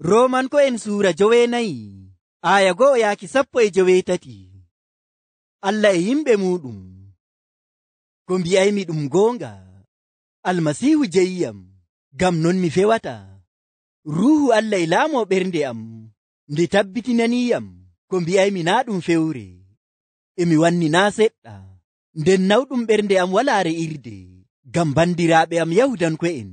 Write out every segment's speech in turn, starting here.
roman ko en sura joweenayi aya go'o yaaki sappo e joweetati allah e yimɓe muɗum ko mbi'aymi ɗum goonga almasiihu jeyiyam ngam non mi fewata ruuhu allah e laamo ɓernde am nde tabbitinaniyam ko mbi'aymi naa ɗum fewre emi wanni naa seɗɗa nden nawɗum ɓernde am walaare irde ngam banndiraaɓe am yahudanko'en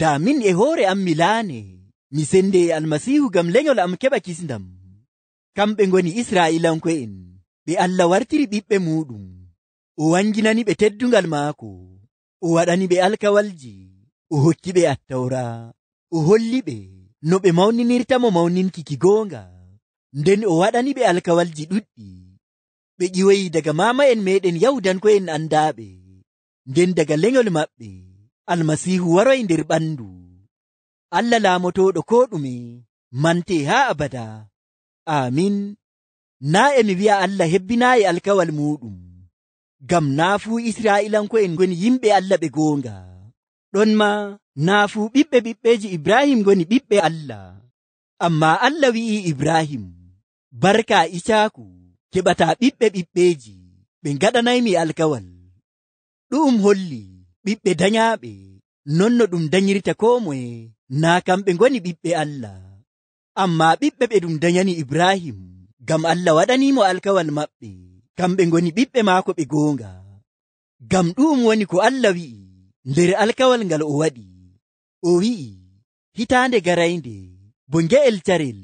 daamin e hoore am mi laane mi sende almasihu gam lenyol am keɓa kisdam kamɓe goni israilanko'en ɓe allah wartiri ɓiɓɓe muɗum o wanginani ɓe teddungal maako o waɗani ɓe alkawalji o hokki ɓe attawra o holli ɓe no ɓe mawninirta mo mawninki ki goonga nden o waɗani ɓe alkawalji ɗuɗɗi ɓe ƴiwoyi daga mama'en meɗen yahudanko'en anndaaɓe nden daga lenyol maɓɓe almasihu waroy nder ɓandu allah laamotoɗo ko ɗume mante haa abada amin naa emi wi'a allah hebbinaayi alkawal muɗum gam naa fuu isra'ilanko'en ngoni yimɓe allah ɓe goonga ɗon ma naa fuu ɓiɓɓe ɓiɓɓeeji ibrahim ngoni ɓiɓɓe allah amma allah wi'i ibrahim barka icaaku keɓataa ɓiɓɓe ɓiɓɓeeji ɓe ngaɗanaymi alkawal ɗum holli ɓiɓɓe dayaaɓe non no ɗum dayirta koo moye na kamɓe goni ɓiɓɓe allah amma ɓiɓɓe ɓe ɗum dayani ibrahim gam allah waɗanimo alkawal maɓɓe kamɓe goni ɓiɓɓe maako ɓe goonga gam ɗum woni ko allah wi'i nder alkawal ngal o waɗi o wi'i hitaande garaynde bo nge'el carel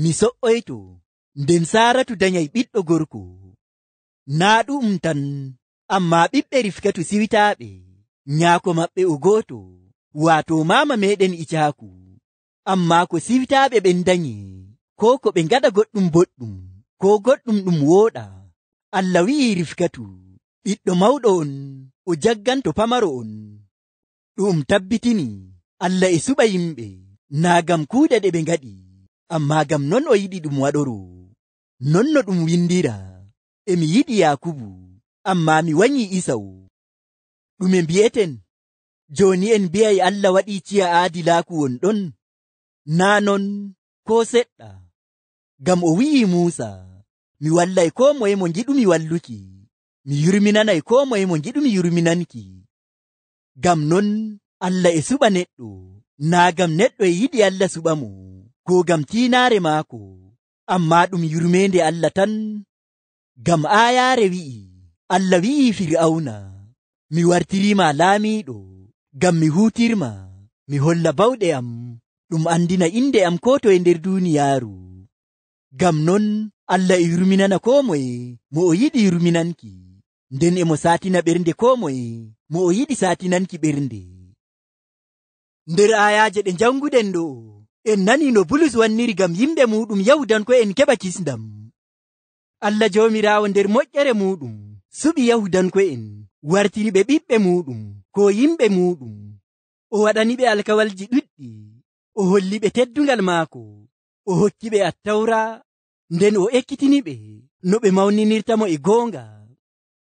mi so'oyto nden saratu dayay ɓiɗɗo gorko naa ɗum tan amma ɓiɓɓe rifkatu siwitaaɓe nyaako maɓɓe o gooto waato mama meɗen icaku amma ko siwtaɓe ɓen dañi ko ko ɓe gaɗa goɗɗum boɗɗum ko goɗɗum ɗum woɗa allah wi'i rifkatu ɓiɗɗo mawɗo on o jagganto pamaro on ɗum tabbitini allah e suɓa yimɓe naa gam kuuɗe ɗe ɓe gaɗi amma gam non o yiɗi ɗum waɗoro non no ɗum windira emi yiɗi yakubu amma mi wanyi isau ɗume mbi'eten joni en mbi'ay e allah waɗi ciya aadilaaku won ɗon naa non ko seɗɗa ngam o wi'i muusa mi wallay ko moye mo ngiɗumi walluki mi yurminanay ko moye mo ngiɗumi yurminanki ngam non allah e suɓa neɗɗo naa ngam neɗɗo e yiɗi allah suɓa mo ko ngam tiinaare maako ammaa ɗum yurmeende allah tan ngam aayaare wi'i allah wi'i fir'awna mi wartiriima laamiiɗo ngam mi huutirma mi holla bawɗe am ɗum andina innde am ko to e nder duuniyaaru ngam non allah e yurminana koo moye mo o yiɗi yurminanki nden emo saatina ɓernde koo moye mo o yiɗi saatinanki ɓernde nder aayaaje ɗe njannguɗen ɗo en nani no bulus wanniri ngam yimɓe muɗum yawdan ko en keɓa kisdam allah jawmiraawo nder moƴƴere muɗum suɓi yahudan ko en wartiri ɓe ɓiɓɓe muɗum ko yimɓe muɗum o waɗani ɓe alkawalji ɗuɗɗi o holli ɓe teddungal maako o hokki ɓe attawra nden o ekkitini ɓe no ɓe mawninirtamo e goonga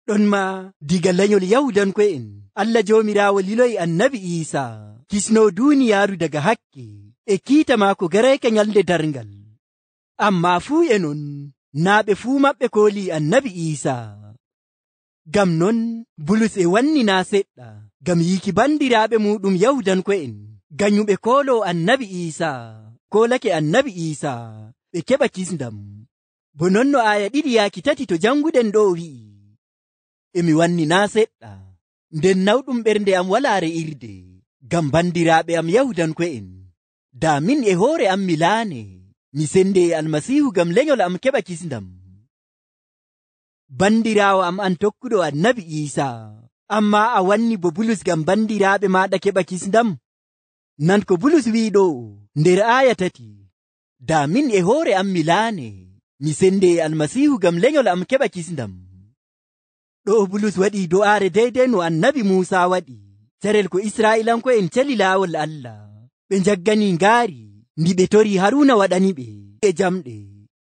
ɗon ma diga lanyol yahudanko'en allah jomirawo liloyi annabi isa kisno duniyaaru daga hakke e kiita maako garayka nyalde darngal amma fuu e non naa ɓe fuu maɓɓe kooli annabi isa gam non bulus e wannina seɗɗa gam yiki bandiraɓe muɗum yahudanko'en gayuɓe kolo annabi isa kolake annabi isa ɓe keɓa kisdam bo nonno aya ɗiɗi yaki tati to janguɗen ɗo wi'i emi wannina seɗɗa nden nawɗum ɓernde am walare irde gam bandiraɓe am yahudanko'en da min e hoore am mi laane mi sende e almasihu gam leyol am keɓa kisdam bandirawo am an tokkuɗo annabi isa amma a wanni bo bulus gam bandiraɓe maɗa keɓa kisdam nan ko bulus wiɗo nder aya tati da min e hoore am milaane mi sende e almasihu gam leyol am keɓa kisdam ɗo bulus waɗi do'aare deydey no annabi musa waɗi cerel ko israilanko'en cali laawol allah ɓe jaggani ngaari ndi ɓe tori haruna waɗani ɓe e jamɗe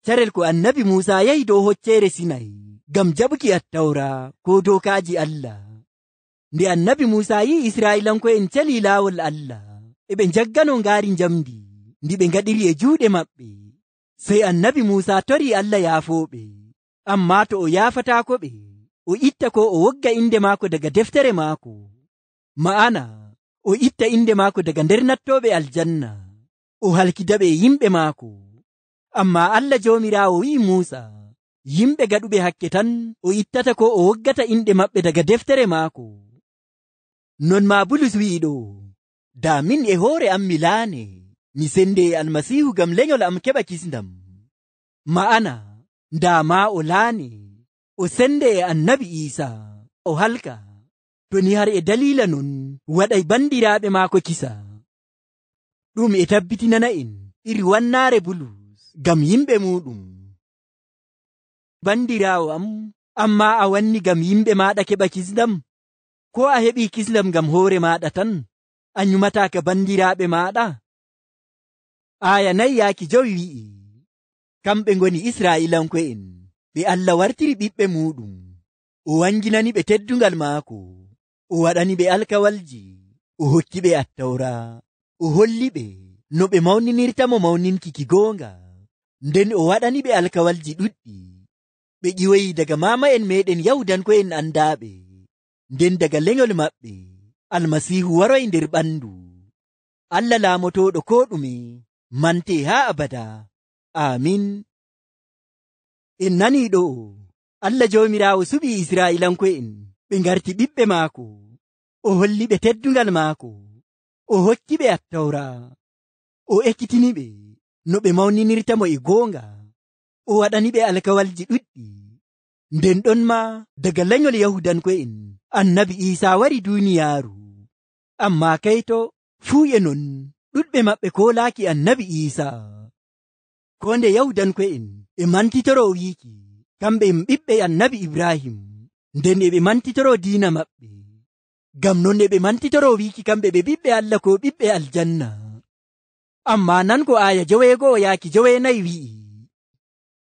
carel ko annabi musa yahi dow hocceere sinayi ngam jaɓki attawra ko dokaji allah nde annabi musa yi israilanko en cali laawol allah eɓe jaggano ngaari njamdi ndi ɓe ngaɗiri e juuɗe maɓɓe sey annabi musa tori allah yaafoɓe amma to o yaafatako ɓe o itta ko o wogga inde maako daga deftere maako ma'ana o itta inde maako daga nder nattoɓe aljanna o halkidaɓe e yimɓe maako amma allah jomirawo wi'i musa yimɓe gaɗuɓe hakke tan o ittata ko o woggata inɗe maɓɓe daga deftere maako non ma bulus wi'iɗo damin e hoore am milaane mi sende e almasihu gam leyol am keɓa kisdam ma'ana ndama o laane o sende e annabi isa o halka to ni har e dalila non waɗay bandiraɓe maako kisa ɗum e tabbitinana en iri wannaare bulus gam yimɓe muɗum bandirawo am amma a wanni gam yimɓe maɗa keɓa kisdam ko a heɓi kisdam gam hoore maɗa tan a yumataka bandiraɓe maɗa aya nayi yaki jowi wi'i kamɓe goni israilanko'en ɓe allah wartiri ɓiɓɓe muɗum o wanginani ɓe teddugal maako o waɗani ɓe alkawalji o hokki ɓe attawra o holli ɓe no ɓe mawninirtamo mawninki ki goonga nden o waɗani ɓe alkawalji ɗuɗɗi ɓe ƴiwoyi daga mama en meɗen yawdanko en andaɓe nden daga lenyol maɓɓe almasihu waroy e nder ɓandu allah laamotoɗo ko ɗume mante ha abada amin en nani ɗo allah jomirawo suɓi israilanko'en ɓe garti ɓiɓɓe maako o holli ɓe teddungal maako o hokki ɓe attawra o ekkitini ɓe no ɓe mawninirtamo e goonga o waɗani ɓe alkawalji ɗuɗɗi nden ɗon ma daga lanyol yahudanko'en annabi isa wari duniyaaru amma kai to fuu e non ɗuɗɓe maɓɓe ko laaki annabi isa ko nde yahudanko'en e mantitoro wiiki kamɓe en ɓiɓɓe annabi ibrahim nden eɓe mantitoro diina maɓɓe gam non eɓe mantitoro wiiki kamɓe ɓe ɓiɓɓe allah ko ɓiɓɓe aljanna amma nan ko aya jowego o yaaki jowenayi wi'i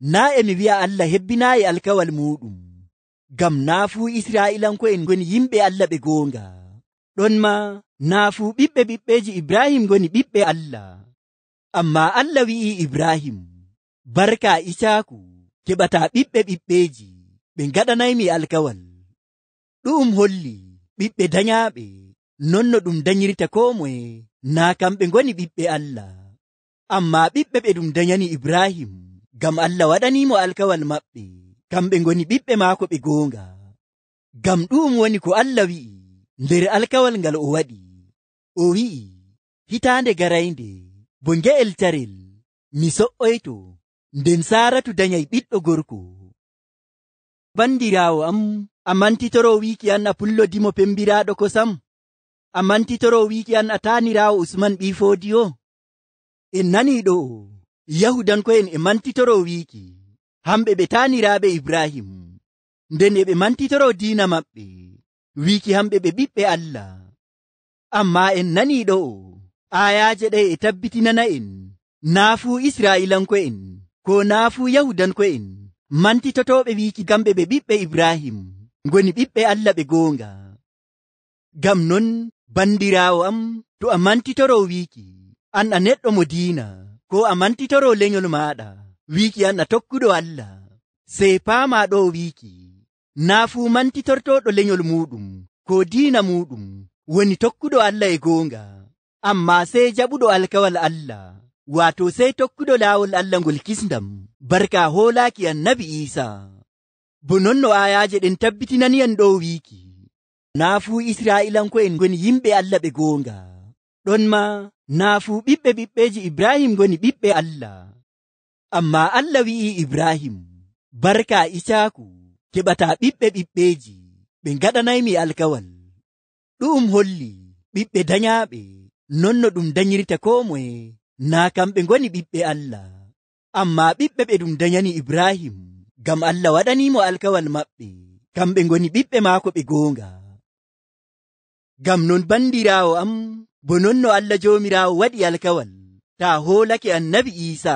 naa emi wi'a allah hebbinaayi alkawal muɗum ngam naa fuu isra'ilanko'en ngoni yimɓe allah ɓe goonga ɗon ma naa fuu ɓiɓɓe ɓiɓɓeeji ibrahim ngoni ɓiɓɓe allah ammaa allah wi'i ibrahim barka isaaku keɓataa ɓiɓɓe ɓiɓɓeeji ɓe ngaɗanaymi alkawal ɗum holli ɓiɓɓe dayaaɓe non no ɗum dayirta koo moye naa kamɓe ngoni ɓiɓɓe allah ammaa ɓiɓɓe ɓe ɗum dayani ibrahim gam allah waɗanimo alkawal maɓɓe kam ɓe goni ɓiɓɓe maako ɓe goonga gam ɗum woni ko allah wi'i nder alkawal ngal o waɗi o wi'i hitaande garaynde bo nge'el tarel mi so'oyto nden saratu dayay ɓiɗɗo gorko bandirawo am a mantitoro wiki an a pullodimo pembiraɗo kosam a mantitoro wiki an a taanirawo usman ɓifoodi o en nani ɗo o yahudanko'en e mantitoro wi'iki hamɓe ɓe taaniraaɓe ibrahim nden e ɓe mantitoro diina maɓɓe wi'iki hamɓe ɓe ɓiɓɓe allah amma en naniiɗo o aayaaje ɗe e tabbitinana en naa fuu israa'ilanko'en ko naa fuu yahudanko'en mantitotooɓe wi'iki ngam ɓe ɓe ɓiɓɓe ibrahim ngoni ɓiɓɓe allah ɓe goonga ngam non banndiraawo am to a mantitoro wi'iki an a neɗɗo mo diina ko a mantitoro leyol maɗa wiki an a tokkuɗo allah sey paama ɗo wiki naa fuu mantitortoɗo leyol muɗum ko diina muɗum woni tokkuɗo allah e goonga amma sey jaɓuɗo alkawal allah waato sey tokkuɗo laawol allah ngol kisdam barka hoolaaki annabi iisa bo non no ayaaje ɗen tabbitinani en ɗo wiiki naa fuu israa'ilanko'en ngoni yimɓe allah ɓe goonga ɗon ma naafu ɓiɓɓe ɓiɓɓeji ibrahim goni ɓiɓɓe allah amma allah wi'i ibrahim barka isaaku keɓata ɓiɓɓe ɓiɓɓeji ɓe gaɗanaymi alkawal ɗum holli ɓiɓɓe dayaɓe nonno ɗum dayirta ko moye na kamɓe goni ɓiɓɓe allah amma ɓiɓɓe ɓe ɗum dayani ibrahim gam allah waɗanimo alkawal maɓɓe kamɓe goni ɓiɓɓe maako ɓe goonga gam non bandirawo am bo nonno allah jomirawo waɗi alkawal ta hoolake annabi isa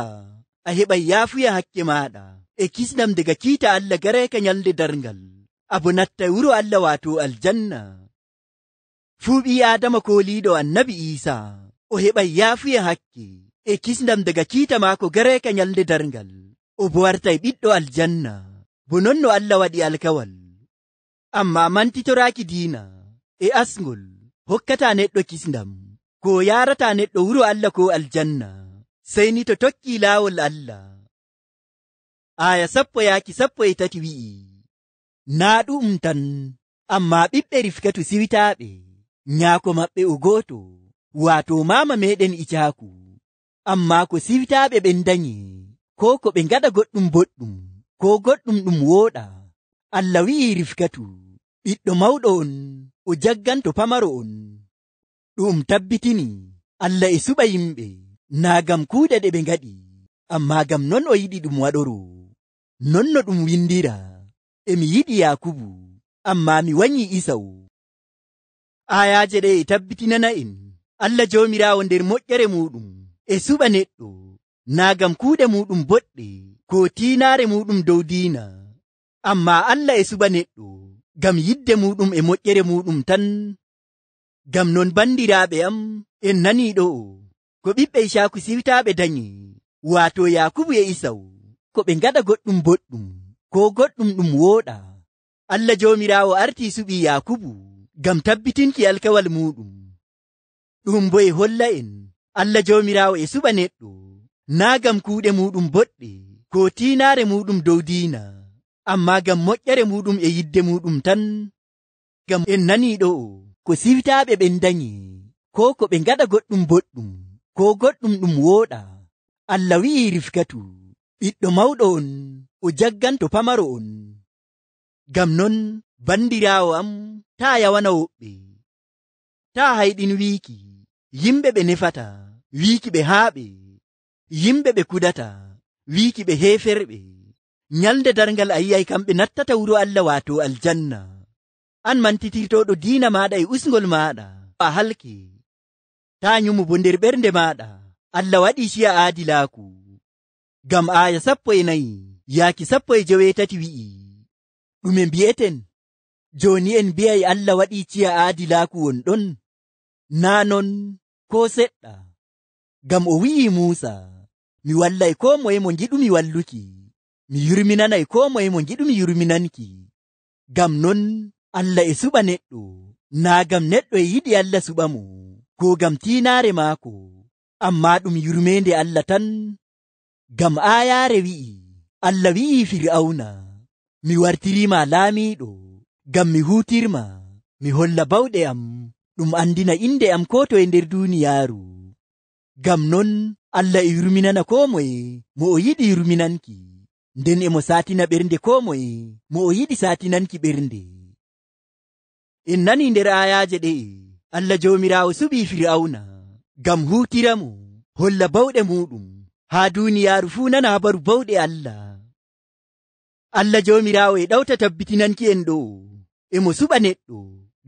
a heɓa yafuya hakke maɗa e kisnam daga kiita allah gareka nyalde darngal abo natta wuro allah wato aljanna fuu ɓi adama koliɗo annabi isa o heɓa yafuya hakke e kisnam daga kiita maako gareka nyalde darngal o bo wartai ɓiɗɗo aljanna bo nonno allah waɗi alkawal amma mantitoraki diina e asgol hokkata neɗɗo kisdam ko yarata neɗɗo wuro allah ko aljanna sei ni to tokki laawol allah aya sappo yaaki sappo e tati wi'i naa ɗum tan amma ɓiɓɓe rifkatu siwitaaɓe nyaako maɓɓe o gooto waato maama meɗen icaaku amma ko siwitaaɓe ɓen danye ko ko ɓe ngaɗa goɗɗum boɗɗum ko goɗɗum ɗum wooɗa allah wi'i rifkatu ɓiɗɗo mawɗo on o jagganto pamaro on ɗum tabbitini allah e suɓa yimɓe naa gam kuuɗe ɗe ɓe ngaɗi amma gam non o yiɗi ɗum waɗoro non no ɗum windira emi yiɗi yakubu amma mi wanyi isau ayaje ɗe e tabbitinana en allah jomirawo nder moƴƴere muɗum e suɓa neɗɗo naa gam kuuɗe muɗum boɗɗe ko tinare muɗum dow diina amma allah e suɓa neɗɗo ngam yidde muɗum e moƴƴere muɗum tan ngam non bandiraaɓe am en nani ɗo ko ɓiɓɓe isaku siwtaaɓe dañi waato yakubu e isau ko ɓe ngaɗa goɗɗum boɗɗum ko goɗɗum ɗum wooɗa allah joomiraawo arti suɓii yakubu ngam tabbitinki alkawal muɗum ɗum boye holla en allah joomiraawo e suɓa neɗɗo naa ngam kuuɗe muɗum boɗɗe ko tiinaare muɗum dow diina amma gam moƴƴere muɗum e yidde muɗum tan gam en naniɗo ko siwtaɓe ɓen dañi ko ko ɓe gaɗa goɗɗum boɗɗum ko goɗɗum ɗum wooɗa allah wi'i rifkatu ɓiɗɗo mawɗo on o jaggan to pamaro on gam non bandirawo am ta yawana woɓɓe ta hayɗin wiiki yimɓe ɓe nefata wiiki ɓe haaɓe yimɓe ɓe kudata wiiki ɓe heeferɓe nyalde dargal a yi'ay kamɓe nattata wuro allah wato aljanna an mantitirtoɗo diina maɗa e usgol maɗa a halki ta yumu bo nder ɓernde maɗa allah waɗi ciya aadilaku gam aya sappo e nayi yaaki sappo e jewetati wi'i ɗume mbi'eten joni en mbi'ay allah waɗi ciya aadilaku won ɗon na non ko seɗɗa gam o wi'i musa mi wallay ko moye mo giɗumi walluki mi yurminanay ko moye mo giɗumi yurminanki gam non allah e suɓa neɗɗo naa gam neɗɗo e yiɗi allah suɓa mo ko gam tiinaare maako amma ɗum yurmeende allah tan gam aayaare wi'i allah wi'i fir'awna mi wartirima laamiiɗo gam mi huutirma mi holla bawɗe am ɗum andina innde am ko to e nder duuniyaaru gam non allah e yurminana ko moye mo o yiɗi yurminanki nden emo satina ɓernde ko moye mo o yiɗi satinanki ɓernde en nani nder ayaje ɗe'e allah jomirawo suɓi fir'auna gam hutiramo holla bawɗe muɗum haa duniyaaru fuu nana habaru bawɗe allah allah jomirawo e ɗawta tabbitinanki en ɗo emo suɓa neɗɗo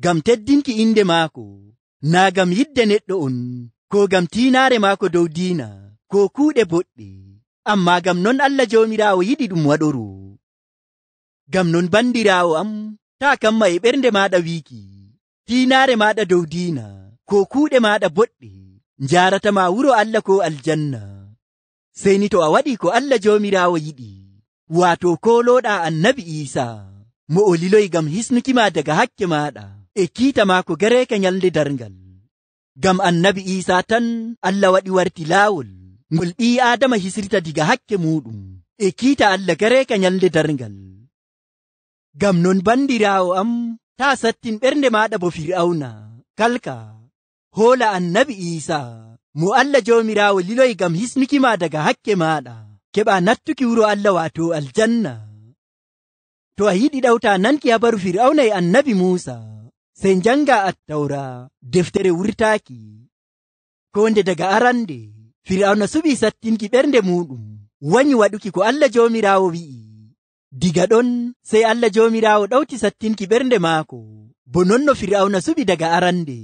gam teddinki inde maako naa gam yidde neɗɗo on ko gam tinaare maako dow diina ko kuuɗe boɗɗe amma gam non allah jamirawo yiɗi ɗum waɗoru gam non bandirawo am ta kamma e ɓernde maɗa wiki tinare maɗa dow dina ko kuɗe maɗa boɗɗe jaratama wuro allah ko aljanna seini to a waɗi ko allah jamirawo yiɗi wato koloɗa annabi isa mo o liloy gam hisnukima daga hakke maɗa e kitama ko gareka nyalde dargal gam annabi isa tan allah waɗi warti laawol ngol ɓi adama hisirta diga hakke muɗum e kiita allah gareka nyalde darngal gam non bandirawo am ta sattin ɓernde maɗa bo fir'auna kalka hola annabi isa mo allah jamirawo liloy gam hisnukima daga hakke maɗa keɓa nattuki wuro allah wato aljanna to a yiɗi ɗawta nanki habaru fir'auna e annabi musa sey janga attawra deftere wurtaki ko nde daga arande fir'auna suɓi sattinki ɓernde muɗum wanyi waɗuki ko allah jomirawo wi'i diga ɗon sey allah jomirawo ɗawti sattinki ɓernde maako bo non no fir'auna suɓi daga arande